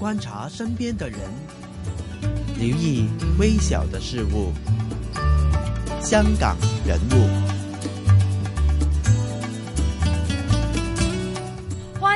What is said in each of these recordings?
觀察身邊的人，留意微小的事物。香港人物。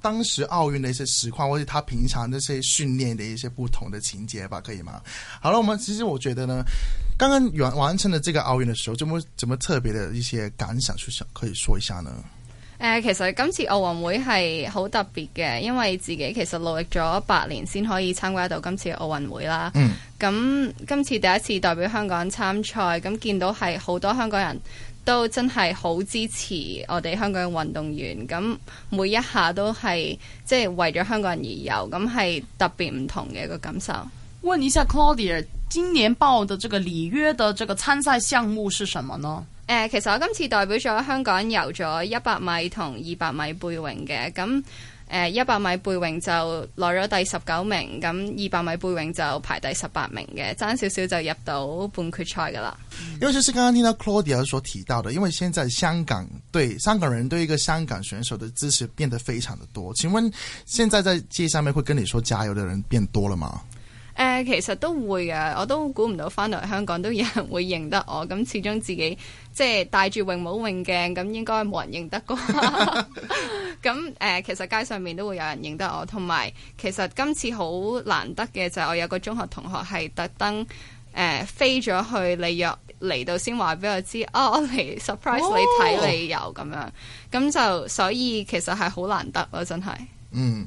當時奧運的一些實況，或者他平常那些訓練的一些不同的情節吧，可以嗎？好了，我們其實我覺得呢，剛剛完完成咗這個奧運的時候，怎麼怎麼特別的一些感想，想可以說一下呢？呃，其實今次奧運會係好特別嘅，因為自己其實努力咗八年先可以參加到今次奧運會啦。嗯。咁今次第一次代表香港參賽，咁見到係好多香港人。都真係好支持我哋香港嘅運動員，咁每一下都係即係為咗香港人而遊，咁係特別唔同嘅一個感受。問一下 Claudia，今年報的這個里約的這個參賽項目是什麼呢？誒、呃，其實我今次代表咗香港遊咗一百米同二百米背泳嘅，咁。誒，一百米背泳就攞咗第十九名，咁二百米背泳就排第十八名嘅，爭少少就入到半決賽㗎喇。尤其是剛剛聽到 Claudia 所提到的，因為現在香港對香港人對一個香港選手的支持變得非常的多。請問現在在街上面會跟你說加油的人變多了嗎？誒，uh, 其實都會嘅，我都估唔到翻到嚟香港都有人會認得我。咁始終自己即係戴住泳帽泳鏡，咁應該冇人認得啩。咁誒、 嗯，其實街上面都會有人認得我。同埋，其實今次好難得嘅就係我有個中學同學係特登誒飛咗去你約嚟到，先話俾我知哦，嚟 surprise、哦、你睇你！」游咁樣。咁就所以其實係好難得咯，真係。嗯。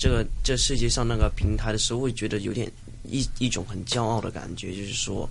這個這世界上那個平台的時候，會覺得有點一一種很驕傲的感覺，就是說，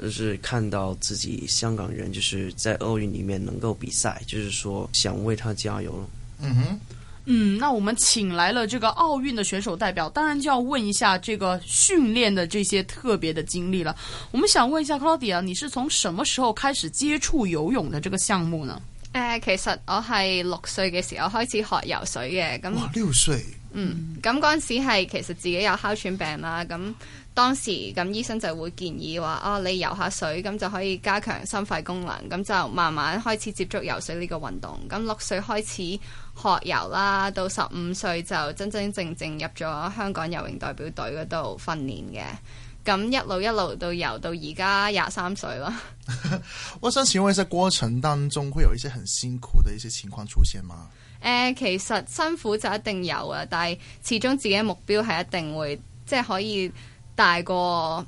就是看到自己香港人就是在奧運裏面能夠比賽，就是說想為他加油了。嗯哼，嗯，那我們請來了這個奧運的選手代表，當然就要問一下這個訓練的這些特別的經歷了。我們想問一下 Claudia，你是從什麼時候開始接觸游泳的這個項目呢？哎、嗯，其實我係六歲嘅時候開始學游水嘅。咁哇，六歲。Mm hmm. 嗯，咁嗰陣時係其實自己有哮喘病啦，咁當時咁醫生就會建議話哦，你游下水咁就可以加強心肺功能，咁就慢慢開始接觸游水呢個運動，咁六歲開始學游啦，到十五歲就真真正正正入咗香港游泳代表隊嗰度訓練嘅，咁一路一路都游到游到而家廿三歲咯。 我想請問，喺過程當中會有一些很辛苦的一些情況出現嗎？誒，其實辛苦就一定有啊，但係始終自己目標係一定會，即係可以大過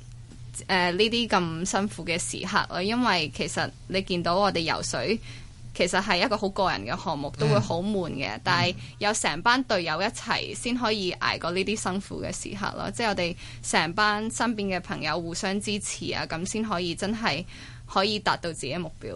誒呢啲咁辛苦嘅時刻咯。因為其實你見到我哋游水，其實係一個好個人嘅項目，都會好悶嘅。嗯，但係有成班隊友一齊，先可以捱過呢啲辛苦嘅時刻咯。即係我哋成班身邊嘅朋友互相支持啊，咁先可以真係可以達到自己目標。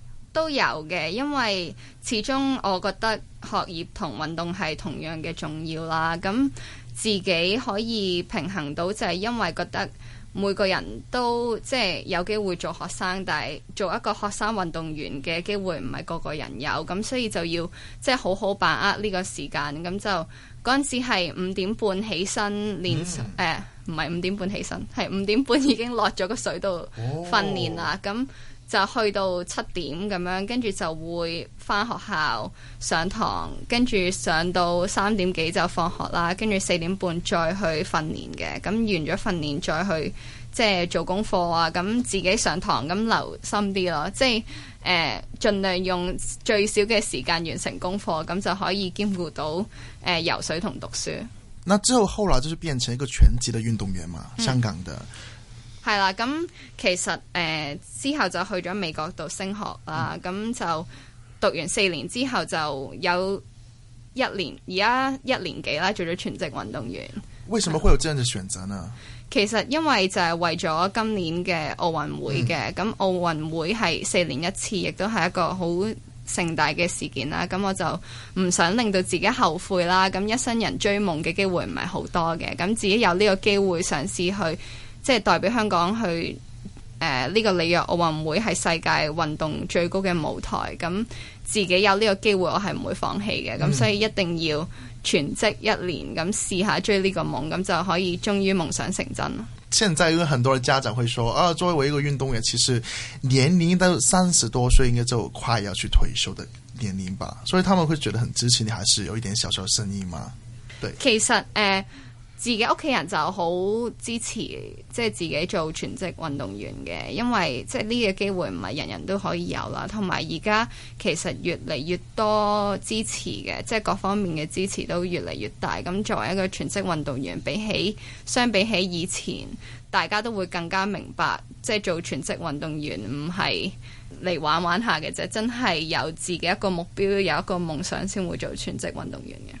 都有嘅，因為始終我覺得學業同運動係同樣嘅重要啦。咁自己可以平衡到，就係因為覺得每個人都即係有機會做學生，但係做一個學生運動員嘅機會唔係個個人有，咁所以就要即係好好把握呢個時間，咁就嗰陣時係五點半起身練，誒唔係五點半起身，係五點半已經落咗個水度訓練啦。咁、哦嗯就去到七點咁樣，跟住就會返學校上堂，跟住上到三點幾就放學啦，跟住四點半再去訓練嘅。咁、嗯、完咗訓練再去即係做功課啊，咁自己上堂咁、嗯、留心啲咯，即係誒、呃、盡量用最少嘅時間完成功課，咁就可以兼顧到誒游水同讀書。那之後後來就是變成一個全職嘅運動員嘛，香港的。係啦，咁其實誒、呃、之後就去咗美國度升學啦，咁、嗯、就讀完四年之後就有一年而家一年幾啦，做咗全職運動員。為什麼會有這樣的選擇呢、嗯？其實因為就係為咗今年嘅奧運會嘅，咁奧運會係四年一次，亦都係一個好盛大嘅事件啦。咁我就唔想令到自己後悔啦。咁一生人追夢嘅機會唔係好多嘅，咁自己有呢個機會嘗試去。即係代表香港去誒，呢個里約奧運會係世界運動最高嘅舞台，咁自己有呢個機會，我係唔會放棄嘅。咁、嗯、所以一定要全職一年咁試下追呢個夢，咁就可以終於夢想成真。現在因為很多嘅家長會說，啊，作為一個運動員，其實年齡都三十多歲，應該就快要去退休的年齡吧。所以他們會覺得很支持你，還是有一點小小生意嗎？對，其實誒。呃自己屋企人就好支持，即係自己做全職運動員嘅，因為即係呢個機會唔係人人都可以有啦。同埋而家其實越嚟越多支持嘅，即係各方面嘅支持都越嚟越大。咁作為一個全職運動員，比起相比起以前，大家都會更加明白，即係做全職運動員唔係嚟玩玩下嘅啫，真係有自己一個目標，有一個夢想先會做全職運動員嘅。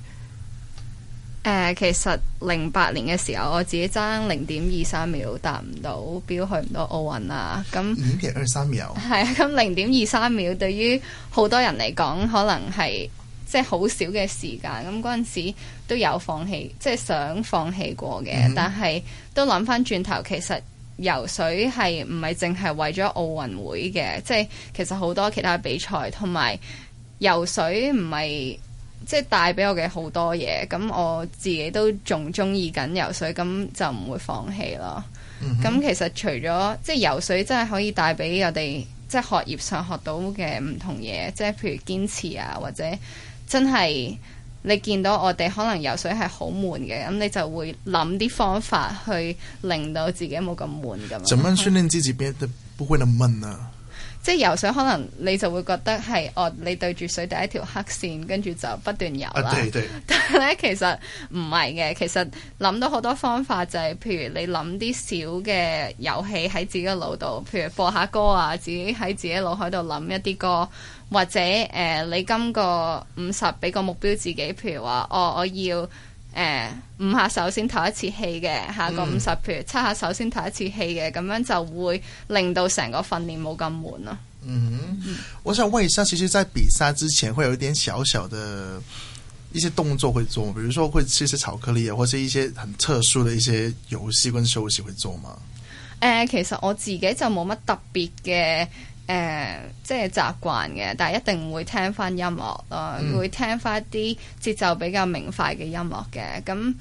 誒、呃，其實零八年嘅時候，我自己爭零點二三秒達唔到標，去唔到奧運啦。咁零點二三秒，係啊，咁零點二三秒對於好多人嚟講，可能係即係好少嘅時間。咁嗰陣時都有放棄，即係想放棄過嘅。嗯、但係都諗翻轉頭，其實游水係唔係淨係爲咗奧運會嘅，即係其實好多其他比賽，同埋游水唔係。即係帶俾我嘅好多嘢，咁我自己都仲中意緊游水，咁就唔會放棄咯。咁、嗯、哼其實除咗即係游水，真係可以帶俾我哋即係學業上學到嘅唔同嘢，即係譬如堅持啊，或者真係你見到我哋可能游水係好悶嘅，咁你就會諗啲方法去令到自己冇咁悶咁。怎樣訓練自己變得唔會咁悶啊 即係游水，可能你就會覺得係我、哦、你對住水第一條黑線，跟住就不斷游啦。啊、但係咧，其實唔係嘅。其實諗到好多方法、就係，就係譬如你諗啲小嘅遊戲喺自己嘅腦度，譬如播下歌啊，自己喺自己腦海度諗一啲歌，或者誒、呃，你今個五十俾個目標自己，譬如話我、哦、我要。誒，五、uh, 下手先唞一次氣嘅，下個五十，譬、嗯、如七下手先唞一次氣嘅，咁樣就會令到成個訓練冇咁悶咯。嗯，我想問一下，其實，在比賽之前會有一點小小的一些動作會做，比如說會吃一些巧克力啊，或者一些很特殊的一些遊戲跟休息會做嗎？誒，uh, 其實我自己就冇乜特別嘅。誒、呃，即係習慣嘅，但係一定會聽翻音樂咯，嗯、會聽翻啲節奏比較明快嘅音樂嘅。咁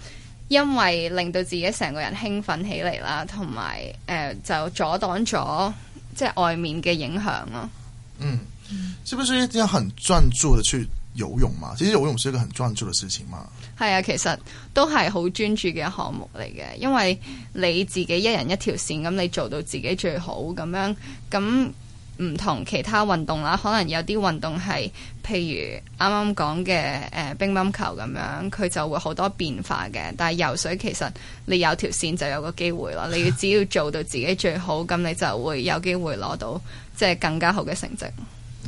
因為令到自己成個人興奮起嚟啦，同埋誒，就阻擋咗即係外面嘅影響咯。嗯，是不是一定要很專注去游泳嘛？其實游泳是一個很專注的事情嘛。係啊，其實都係好專注嘅項目嚟嘅，因為你自己一人一條線，咁你做到自己最好，咁樣咁。唔同其他運動啦，可能有啲運動係，譬如啱啱講嘅誒乒乓球咁樣，佢就會好多變化嘅。但係游水其實你有條線就有個機會啦，你只要做到自己最好，咁你就會有機會攞到即係更加好嘅成績。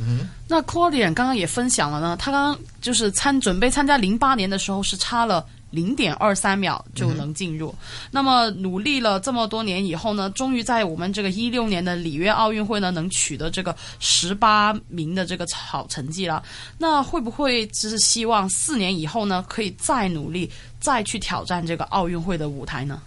嗯、mm，hmm. 那 Cordian 剛剛也分享了呢，他剛剛就是參準備參加零八年嘅時候是差了。零點二三秒就能進入，嗯、哼那麼努力了這麼多年以後呢，終於在我們這個一六年的里約奧運會呢，能取得這個十八名的這個好成績了。那會不會只是希望四年以後呢，可以再努力再去挑戰這個奧運會的舞台呢？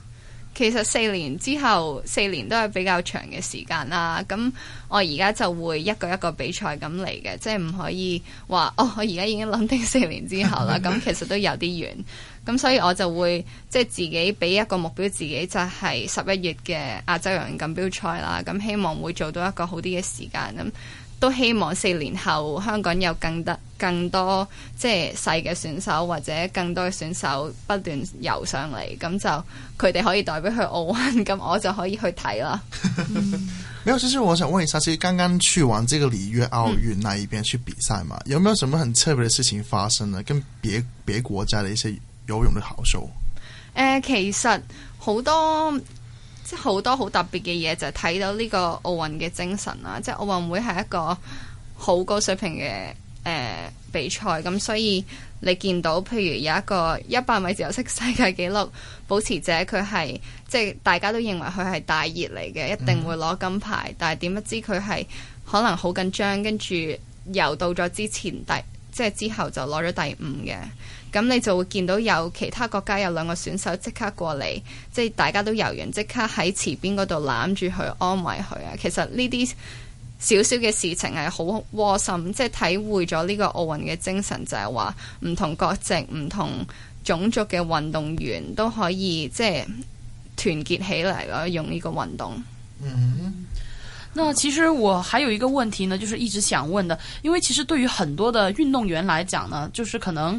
其實四年之後，四年都係比較長嘅時間啦。咁我而家就會一個一個比賽咁嚟嘅，即係唔可以話，哦，我而家已經諗定四年之後啦。咁其實都有啲遠。 咁所以我就會即係自己俾一個目標，自己就係十一月嘅亞洲游泳錦標賽啦。咁、嗯、希望會做到一個好啲嘅時間。咁、嗯、都希望四年後香港有更多更多即係細嘅選手或者更多嘅選手不斷遊上嚟，咁就佢哋可以代表去奧運，咁我就可以去睇啦。 沒有，就是我想問一下次，其實剛剛去完這個里約奧運那一邊去比賽嘛，嗯、有沒有什麼很特別嘅事情發生呢？跟別別國家嘅一些？有用的考數？誒、呃，其實好多即係好多好特別嘅嘢，就係、是、睇到呢個奧運嘅精神啦。即係奧運會係一個好高水平嘅誒、呃、比賽，咁所以你見到譬如有一個一百米自由式世界紀錄保持者，佢係即係大家都認為佢係大熱嚟嘅，一定會攞金牌。嗯、但係點不知佢係可能好緊張，跟住游到咗之前第，即係之後就攞咗第五嘅。咁你就會見到有其他國家有兩個選手即刻過嚟，即係大家都游完即刻喺池邊嗰度攬住佢安慰佢啊！其實呢啲小小嘅事情係好窩心，即係體會咗呢個奧運嘅精神，就係話唔同國籍、唔同種族嘅運動員都可以即係團結起嚟咯，用呢個運動。嗯，那其實我還有一個問題呢，就是一直想問的，因為其實對於很多的運動員來講呢，就是可能。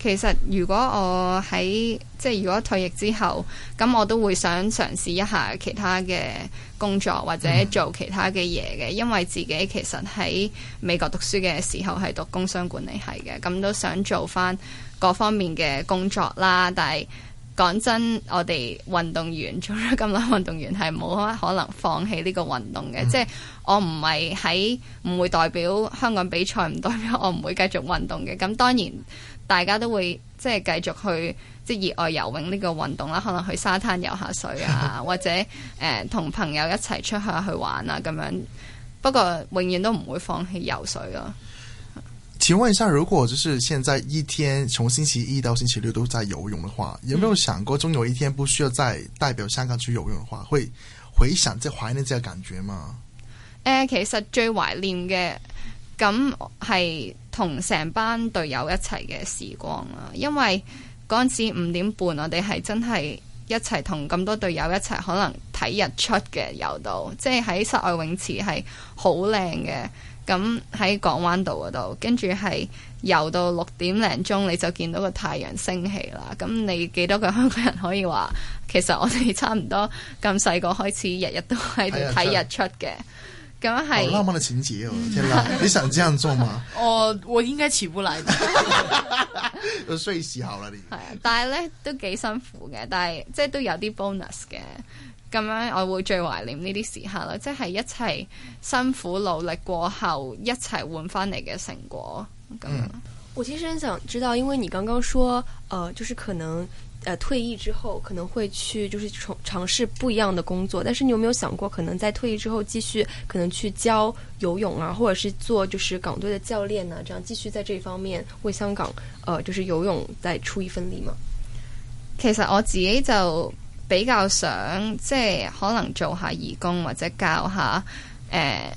其實如果我喺即係如果退役之後，咁我都會想嘗試一下其他嘅工作或者做其他嘅嘢嘅，因為自己其實喺美國讀書嘅時候係讀工商管理系嘅，咁都想做返各方面嘅工作啦，但係，講真，我哋運動員做咗咁耐，運動員係冇可能放棄呢個運動嘅。嗯、即係我唔係喺，唔會代表香港比賽，唔代表我唔會繼續運動嘅。咁當然大家都會即係繼續去即係熱愛游泳呢個運動啦。可能去沙灘遊下水啊， 或者誒同、呃、朋友一齊出去去玩啊咁樣。不過永遠都唔會放棄游水咯。請問一下，如果就是現在一天從星期一到星期六都在游泳的話，有沒有想過終有一天不需要再代表香港去游泳的話，會回想、再懷念這個感覺嗎？誒、呃，其實最懷念嘅咁係同成班隊友一齊嘅時光啊。因為嗰陣時五點半我哋係真係一齊同咁多隊友一齊可能睇日出嘅游到，即係喺室外泳池係好靚嘅。咁喺、嗯、港灣道嗰度，跟住係游到六點零鐘，你就見到個太陽升起啦。咁、嗯、你幾多個香港人可以話，其實我哋差唔多咁細個開始，日日都喺度睇日出嘅。咁、嗯、係，我浪漫嘅情節你想咁樣做嘛。我我應該起唔嚟，我睡時候啦，你係啊。但係咧都幾辛苦嘅，但係即係都有啲 bonus 嘅。咁樣我會最懷念呢啲時刻啦，即係一齊辛苦努力過後一齊換翻嚟嘅成果。咁樣。嗯，我其實很想知道，因為你剛剛說，呃，就是可能，呃，退役之後可能會去就是從嘗試不一樣嘅工作，但是你有沒有想過可能在退役之後繼續可能去教游泳啊，或者是做就是港隊嘅教練啊，這樣繼續在這方面為香港，呃，就是游泳再出一份力嘛？其實我自己就，比較想即係可能做下義工或者教下誒、呃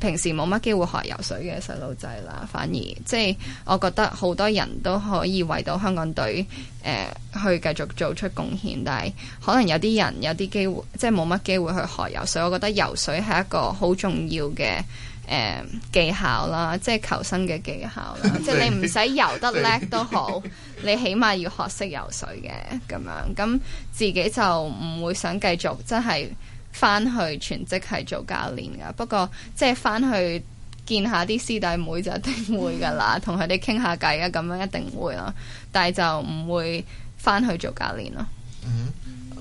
平時冇乜機會學游水嘅細路仔啦，反而即係我覺得好多人都可以為到香港隊誒、呃、去繼續做出貢獻，但係可能有啲人有啲機會即係冇乜機會去學游水。我覺得游水係一個好重要嘅誒、呃、技巧啦，即係求生嘅技巧啦， 即係你唔使游得叻都好， 你起碼要學識游水嘅咁樣，咁自己就唔會想繼續真係。翻去全職係做教練噶不過即係翻去見下啲師弟妹就一定會噶啦，同佢哋傾下偈啊，咁樣一定會咯。但係就唔會翻去做教練咯。嗯。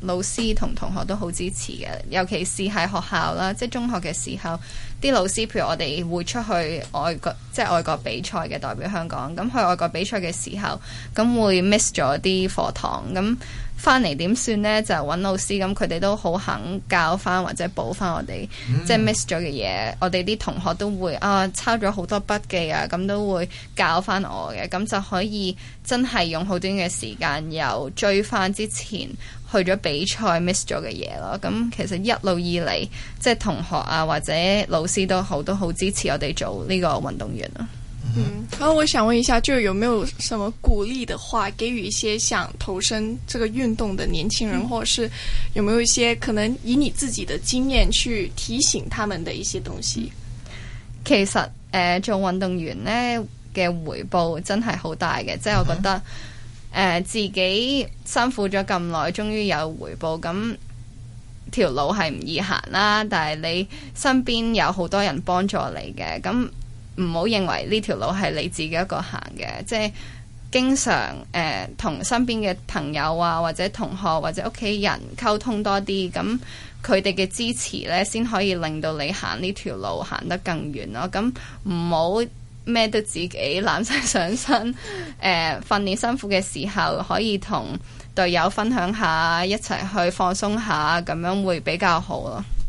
老師同同學都好支持嘅，尤其是喺學校啦，即係中學嘅時候，啲老師譬如我哋會出去外國，即係外國比賽嘅代表香港，咁去外國比賽嘅時候，咁會 miss 咗啲課堂咁。翻嚟點算呢？就揾老師咁，佢哋都好肯教翻或者補翻我哋，嗯、即係 miss 咗嘅嘢。我哋啲同學都會啊，抄咗好多筆記啊，咁都會教翻我嘅，咁就可以真係用好短嘅時間又追翻之前去咗比賽 miss 咗嘅嘢咯。咁、嗯、其實一路以嚟，即係同學啊或者老師都好都好支持我哋做呢個運動員啊。嗯，然後我想問一下，就有沒有什麼鼓勵的話，給予一些想投身這個運動的年輕人，嗯、或者是有沒有一些可能以你自己的經驗去提醒他們的一些東西？其實誒、呃，做運動員呢嘅回報真係好大嘅，嗯、即係我覺得誒、呃、自己辛苦咗咁耐，終於有回報，咁條路係唔易行啦，但係你身邊有好多人幫助你嘅，咁。唔好認為呢條路係你自己一個行嘅，即係經常誒同、呃、身邊嘅朋友啊，或者同學或者屋企人溝通多啲，咁佢哋嘅支持呢，先可以令到你行呢條路行得更遠咯。咁唔好咩都自己攬晒上身，誒、 呃、訓練辛苦嘅時候可以同隊友分享下，一齊去放鬆下，咁樣會比較好咯。